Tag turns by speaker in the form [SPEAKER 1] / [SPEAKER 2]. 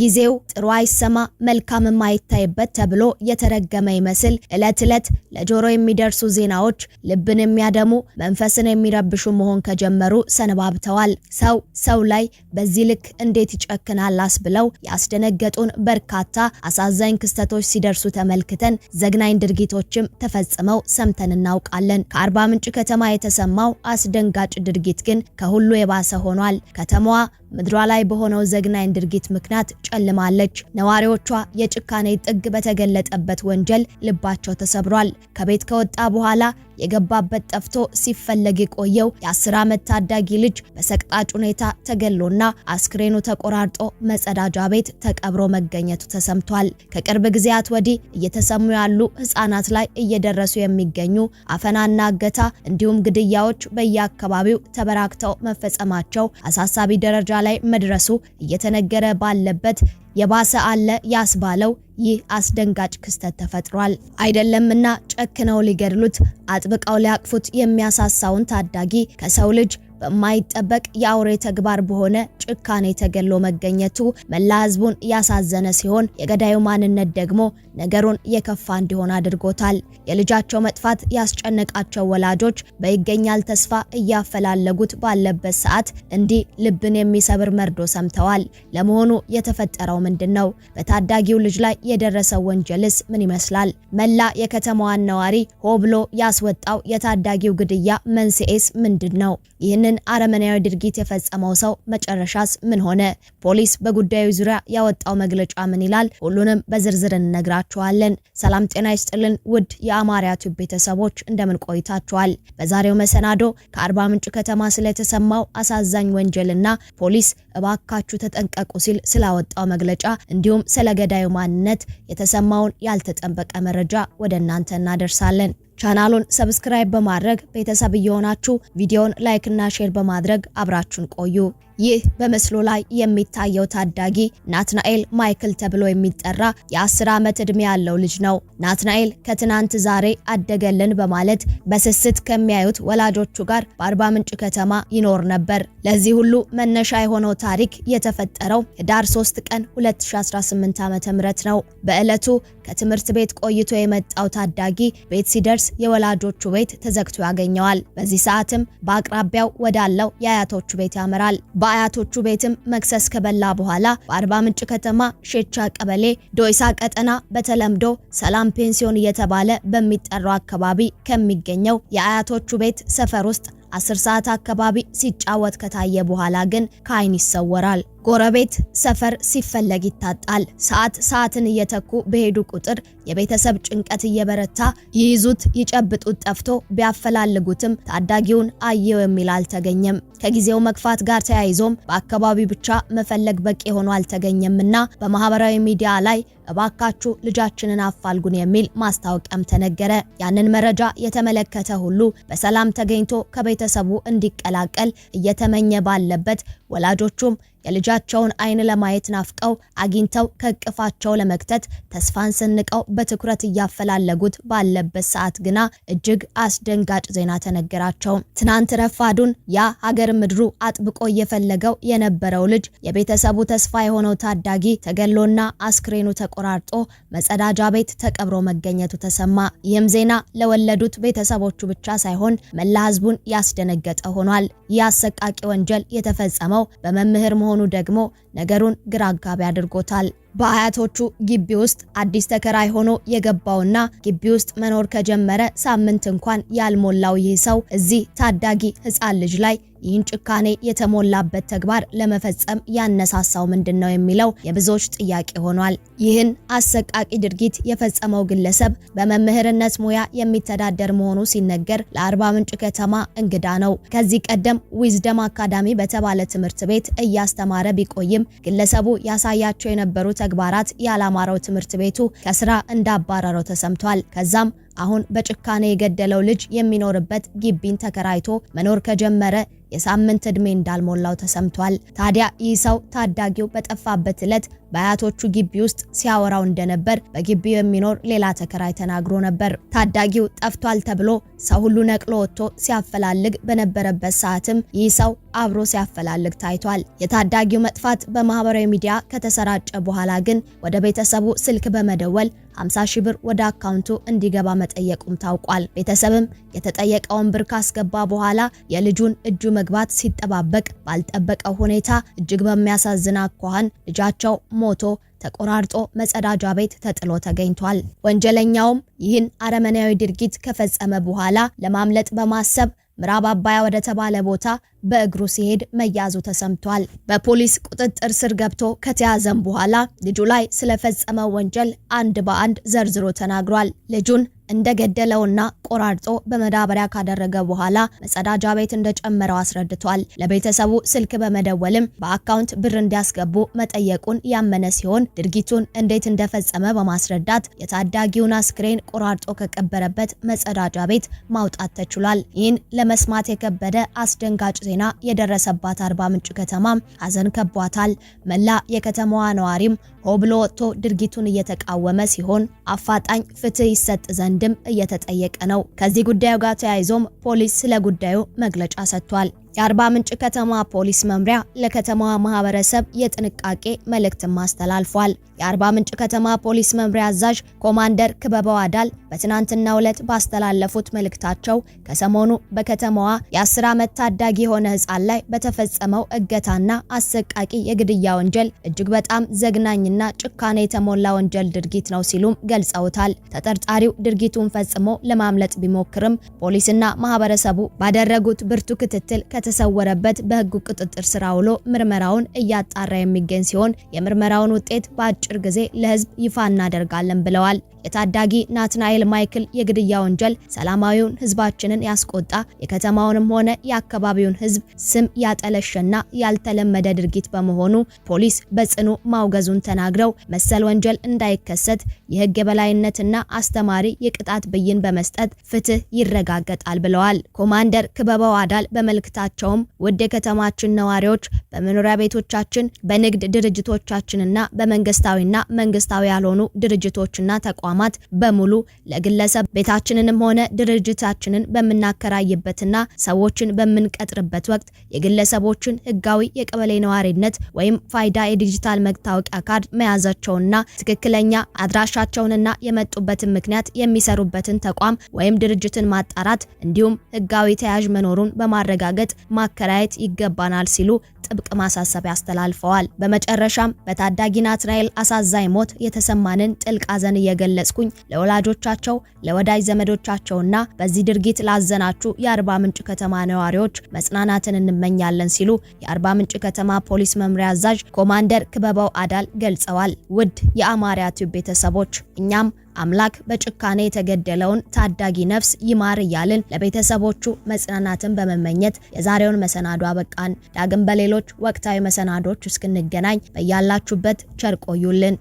[SPEAKER 1] ጊዜው ጥሩ አይሰማ መልካም የማይታይበት ተብሎ የተረገመ ይመስል ዕለት ዕለት ለጆሮ የሚደርሱ ዜናዎች ልብን የሚያደሙ መንፈስን የሚረብሹ መሆን ከጀመሩ ሰነባብተዋል። ሰው ሰው ላይ በዚህ ልክ እንዴት ይጨክናል ብለው ያስደነገጡን በርካታ አሳዛኝ ክስተቶች ሲደርሱ ተመልክተን ዘግናኝ ድርጊቶችም ተፈጽመው ሰምተን እናውቃለን። ከአርባ ምንጭ ከተማ የተሰማው አስደንጋጭ ድርጊት ግን ከሁሉ የባሰ ሆኗል። ከተማዋ ምድሯ ላይ በሆነው ዘግናኝ ድርጊት ምክንያት ጨልማለች። ነዋሪዎቿ የጭካኔ ጥግ በተገለጠበት ወንጀል ልባቸው ተሰብሯል። ከቤት ከወጣ በኋላ የገባበት ጠፍቶ ሲፈለግ የቆየው የ10 ዓመት ታዳጊ ልጅ በሰቅጣጭ ሁኔታ ተገሎና አስክሬኑ ተቆራርጦ መጸዳጃ ቤት ተቀብሮ መገኘቱ ተሰምቷል። ከቅርብ ጊዜያት ወዲህ እየተሰሙ ያሉ ህጻናት ላይ እየደረሱ የሚገኙ አፈናና እገታ እንዲሁም ግድያዎች በየአካባቢው ተበራክተው መፈጸማቸው አሳሳቢ ደረጃ ላይ መድረሱ እየተነገረ ባለበት የባሰ አለ ያስባለው ይህ አስደንጋጭ ክስተት ተፈጥሯል። አይደለምና ጨክነው ሊገድሉት አጥብቀው ሊያቅፉት የሚያሳሳውን ታዳጊ ከሰው ልጅ በማይጠበቅ የአውሬ ተግባር በሆነ ጭካኔ ተገሎ መገኘቱ መላ ህዝቡን ያሳዘነ ሲሆን የገዳዩ ማንነት ደግሞ ነገሩን የከፋ እንዲሆን አድርጎታል። የልጃቸው መጥፋት ያስጨነቃቸው ወላጆች በይገኛል ተስፋ እያፈላለጉት ባለበት ሰዓት እንዲህ ልብን የሚሰብር መርዶ ሰምተዋል። ለመሆኑ የተፈጠረው ምንድን ነው? በታዳጊው ልጅ ላይ የደረሰው ወንጀልስ ምን ይመስላል? መላ የከተማዋን ነዋሪ ሆ ብሎ ያስወጣው የታዳጊው ግድያ መንስኤስ ምንድን ነው? ይህንን ይህንን አረመናዊ ድርጊት የፈጸመው ሰው መጨረሻስ ምን ሆነ? ፖሊስ በጉዳዩ ዙሪያ ያወጣው መግለጫ ምን ይላል? ሁሉንም በዝርዝር እንነግራችኋለን። ሰላም ጤና ይስጥልን ውድ የአማርያ ቲዩብ ቤተሰቦች እንደምን ቆይታችኋል? በዛሬው መሰናዶ ከአርባ ምንጭ ከተማ ስለተሰማው አሳዛኝ ወንጀልና ፖሊስ እባካችሁ ተጠንቀቁ ሲል ስላወጣው መግለጫ እንዲሁም ስለ ገዳዩ ማንነት የተሰማውን ያልተጠበቀ መረጃ ወደ እናንተ እናደርሳለን። ቻናሉን ሰብስክራይብ በማድረግ ቤተሰብ እየሆናችሁ ቪዲዮውን ላይክና ሼር በማድረግ አብራችሁን ቆዩ። ይህ በምስሉ ላይ የሚታየው ታዳጊ ናትናኤል ማይክል ተብሎ የሚጠራ የ10 ዓመት ዕድሜ ያለው ልጅ ነው። ናትናኤል ከትናንት ዛሬ አደገልን በማለት በስስት ከሚያዩት ወላጆቹ ጋር በአርባ ምንጭ ከተማ ይኖር ነበር። ለዚህ ሁሉ መነሻ የሆነው ታሪክ የተፈጠረው ህዳር 3 ቀን 2018 ዓ.ም ነው። በዕለቱ ከትምህርት ቤት ቆይቶ የመጣው ታዳጊ ቤት ሲደርስ የወላጆቹ ቤት ተዘግቶ ያገኘዋል። በዚህ ሰዓትም በአቅራቢያው ወዳለው የአያቶቹ ቤት ያመራል። በአያቶቹ ቤትም መክሰስ ከበላ በኋላ በአርባ ምንጭ ከተማ ሼቻ ቀበሌ ዶይሳ ቀጠና በተለምዶ ሰላም ፔንሲዮን እየተባለ በሚጠራው አካባቢ ከሚገኘው የአያቶቹ ቤት ሰፈር ውስጥ አስር ሰዓት አካባቢ ሲጫወት ከታየ በኋላ ግን ከአይን ይሰወራል። ጎረቤት ሰፈር ሲፈለግ ይታጣል። ሰዓት ሰዓትን እየተኩ በሄዱ ቁጥር የቤተሰብ ጭንቀት እየበረታ ይይዙት ይጨብጡት ጠፍቶ ቢያፈላልጉትም ታዳጊውን አየው የሚል አልተገኘም። ከጊዜው መግፋት ጋር ተያይዞም በአካባቢው ብቻ መፈለግ በቂ ሆኖ አልተገኘምና በማህበራዊ ሚዲያ ላይ እባካችሁ ልጃችንን አፋልጉን የሚል ማስታወቂያም ተነገረ። ያንን መረጃ የተመለከተ ሁሉ በሰላም ተገኝቶ ከቤት ቤተሰቡ እንዲቀላቀል እየተመኘ ባለበት ወላጆቹም የልጃቸውን ዓይን ለማየት ናፍቀው አግኝተው ከእቅፋቸው ለመክተት ተስፋን ሰንቀው በትኩረት እያፈላለጉት ባለበት ሰዓት ግና እጅግ አስደንጋጭ ዜና ተነገራቸው። ትናንት ረፋዱን ያ ሀገር ምድሩ አጥብቆ እየፈለገው የነበረው ልጅ የቤተሰቡ ተስፋ የሆነው ታዳጊ ተገሎና አስክሬኑ ተቆራርጦ መጸዳጃ ቤት ተቀብሮ መገኘቱ ተሰማ። ይህም ዜና ለወለዱት ቤተሰቦቹ ብቻ ሳይሆን መላ ሕዝቡን ያስደነገጠ ሆኗል። ይህ አሰቃቂ ወንጀል የተፈጸመው በመምህር መሆኑ መሆኑ ደግሞ ነገሩን ግራ አጋቢ አድርጎታል። በአያቶቹ ግቢ ውስጥ አዲስ ተከራይ ሆኖ የገባውና ግቢ ውስጥ መኖር ከጀመረ ሳምንት እንኳን ያልሞላው ይህ ሰው እዚህ ታዳጊ ሕፃን ልጅ ላይ ይህን ጭካኔ የተሞላበት ተግባር ለመፈጸም ያነሳሳው ምንድን ነው የሚለው የብዙዎች ጥያቄ ሆኗል። ይህን አሰቃቂ ድርጊት የፈጸመው ግለሰብ በመምህርነት ሙያ የሚተዳደር መሆኑ ሲነገር ለአርባ ምንጭ ከተማ እንግዳ ነው። ከዚህ ቀደም ዊዝደም አካዳሚ በተባለ ትምህርት ቤት እያስተማረ ቢቆይም ግለሰቡ ያሳያቸው የነበሩ ተግባራት ያላማረው ትምህርት ቤቱ ከስራ እንዳባረረው ተሰምቷል። ከዛም አሁን በጭካኔ የገደለው ልጅ የሚኖርበት ግቢን ተከራይቶ መኖር ከጀመረ የሳምንት ዕድሜ እንዳልሞላው ተሰምቷል። ታዲያ ይህ ሰው ታዳጊው በጠፋበት ዕለት በአያቶቹ ግቢ ውስጥ ሲያወራው እንደነበር በግቢው የሚኖር ሌላ ተከራይ ተናግሮ ነበር። ታዳጊው ጠፍቷል ተብሎ ሰው ሁሉ ነቅሎ ወጥቶ ሲያፈላልግ በነበረበት ሰዓትም ይህ ሰው አብሮ ሲያፈላልግ ታይቷል። የታዳጊው መጥፋት በማህበራዊ ሚዲያ ከተሰራጨ በኋላ ግን ወደ ቤተሰቡ ስልክ በመደወል 50 ሺህ ብር ወደ አካውንቱ እንዲገባ መጠየቁም ታውቋል። ቤተሰብም የተጠየቀውን ብር ካስገባ በኋላ የልጁን እጁ መግባት ሲጠባበቅ ባልጠበቀው ሁኔታ እጅግ በሚያሳዝን አኳኋን ልጃቸው ሞቶ ተቆራርጦ መጸዳጃ ቤት ተጥሎ ተገኝቷል። ወንጀለኛውም ይህን አረመናዊ ድርጊት ከፈጸመ በኋላ ለማምለጥ በማሰብ ምዕራብ አባያ ወደ ተባለ ቦታ በእግሩ ሲሄድ መያዙ ተሰምቷል። በፖሊስ ቁጥጥር ስር ገብቶ ከተያዘም በኋላ ልጁ ላይ ስለፈጸመው ወንጀል አንድ በአንድ ዘርዝሮ ተናግሯል። ልጁን እንደገደለውና ቆራርጦ በመዳበሪያ ካደረገ በኋላ መጸዳጃ ቤት እንደጨመረው አስረድቷል። ለቤተሰቡ ስልክ በመደወልም በአካውንት ብር እንዲያስገቡ መጠየቁን ያመነ ሲሆን ድርጊቱን እንዴት እንደፈጸመ በማስረዳት የታዳጊውን አስክሬን ቆራርጦ ከቀበረበት መጸዳጃ ቤት ማውጣት ተችሏል። ይህን ለመስማት የከበደ አስደንጋጭ ዜና የደረሰባት አርባ ምንጭ ከተማ ሀዘን ከቧታል። መላ የከተማዋ ነዋሪም ሆ ብሎ ወጥቶ ድርጊቱን እየተቃወመ ሲሆን አፋጣኝ ፍትህ ይሰጥ ዘንድም እየተጠየቀ ነው። ከዚህ ጉዳዩ ጋር ተያይዞም ፖሊስ ስለ ጉዳዩ መግለጫ ሰጥቷል። የአርባ ምንጭ ከተማ ፖሊስ መምሪያ ለከተማዋ ማህበረሰብ የጥንቃቄ መልእክትም አስተላልፏል። የአርባ ምንጭ ከተማ ፖሊስ መምሪያ አዛዥ ኮማንደር ክበበው አዳል በትናንትናው ዕለት ባስተላለፉት መልእክታቸው ከሰሞኑ በከተማዋ የአስር ዓመት ታዳጊ የሆነ ህፃን ላይ በተፈጸመው እገታና አሰቃቂ የግድያ ወንጀል እጅግ በጣም ዘግናኝና ጭካኔ የተሞላ ወንጀል ድርጊት ነው ሲሉም ገልጸውታል። ተጠርጣሪው ድርጊቱን ፈጽሞ ለማምለጥ ቢሞክርም ፖሊስና ማህበረሰቡ ባደረጉት ብርቱ ክትትል ከተሰወረበት በህጉ ቁጥጥር ስር አውሎ ምርመራውን እያጣራ የሚገኝ ሲሆን የምርመራውን ውጤት በአጭር ጊዜ ለህዝብ ይፋ እናደርጋለን ብለዋል። የታዳጊ ናትናኤል ማይክል የግድያ ወንጀል ሰላማዊውን ህዝባችንን ያስቆጣ የከተማውንም ሆነ የአካባቢውን ህዝብ ስም ያጠለሸና ያልተለመደ ድርጊት በመሆኑ ፖሊስ በጽኑ ማውገዙን ተናግረው መሰል ወንጀል እንዳይከሰት የህግ የበላይነትና አስተማሪ የቅጣት ብይን በመስጠት ፍትህ ይረጋገጣል ብለዋል። ኮማንደር ክበበው አዳል በመልእክታቸውም ውድ የከተማችን ነዋሪዎች በመኖሪያ ቤቶቻችን፣ በንግድ ድርጅቶቻችንና በመንግስታዊና መንግስታዊ ያልሆኑ ድርጅቶችና ተቋ ተቋማት በሙሉ ለግለሰብ ቤታችንንም ሆነ ድርጅታችንን በምናከራይበትና ሰዎችን በምንቀጥርበት ወቅት የግለሰቦችን ህጋዊ የቀበሌ ነዋሪነት ወይም ፋይዳ የዲጂታል መታወቂያ ካርድ መያዛቸውንና ትክክለኛ አድራሻቸውንና የመጡበትን ምክንያት የሚሰሩበትን ተቋም ወይም ድርጅትን ማጣራት እንዲሁም ህጋዊ ተያዥ መኖሩን በማረጋገጥ ማከራየት ይገባናል ሲሉ ጥብቅ ማሳሰቢያ አስተላልፈዋል። በመጨረሻም በታዳጊ ናትናኤል አሳዛኝ ሞት የተሰማንን ጥልቅ ሐዘን እየገለ ገለጽኩኝ። ለወላጆቻቸው ለወዳጅ ዘመዶቻቸውና በዚህ ድርጊት ላዘናችሁ የአርባ ምንጭ ከተማ ነዋሪዎች መጽናናትን እንመኛለን ሲሉ የአርባ ምንጭ ከተማ ፖሊስ መምሪያ አዛዥ ኮማንደር ክበበው አዳል ገልጸዋል። ውድ የአማርያ ቲዩብ ቤተሰቦች እኛም አምላክ በጭካኔ የተገደለውን ታዳጊ ነፍስ ይማር እያልን ለቤተሰቦቹ መጽናናትን በመመኘት የዛሬውን መሰናዶ አበቃን። ዳግም በሌሎች ወቅታዊ መሰናዶች እስክንገናኝ በያላችሁበት ቸር ቆዩልን።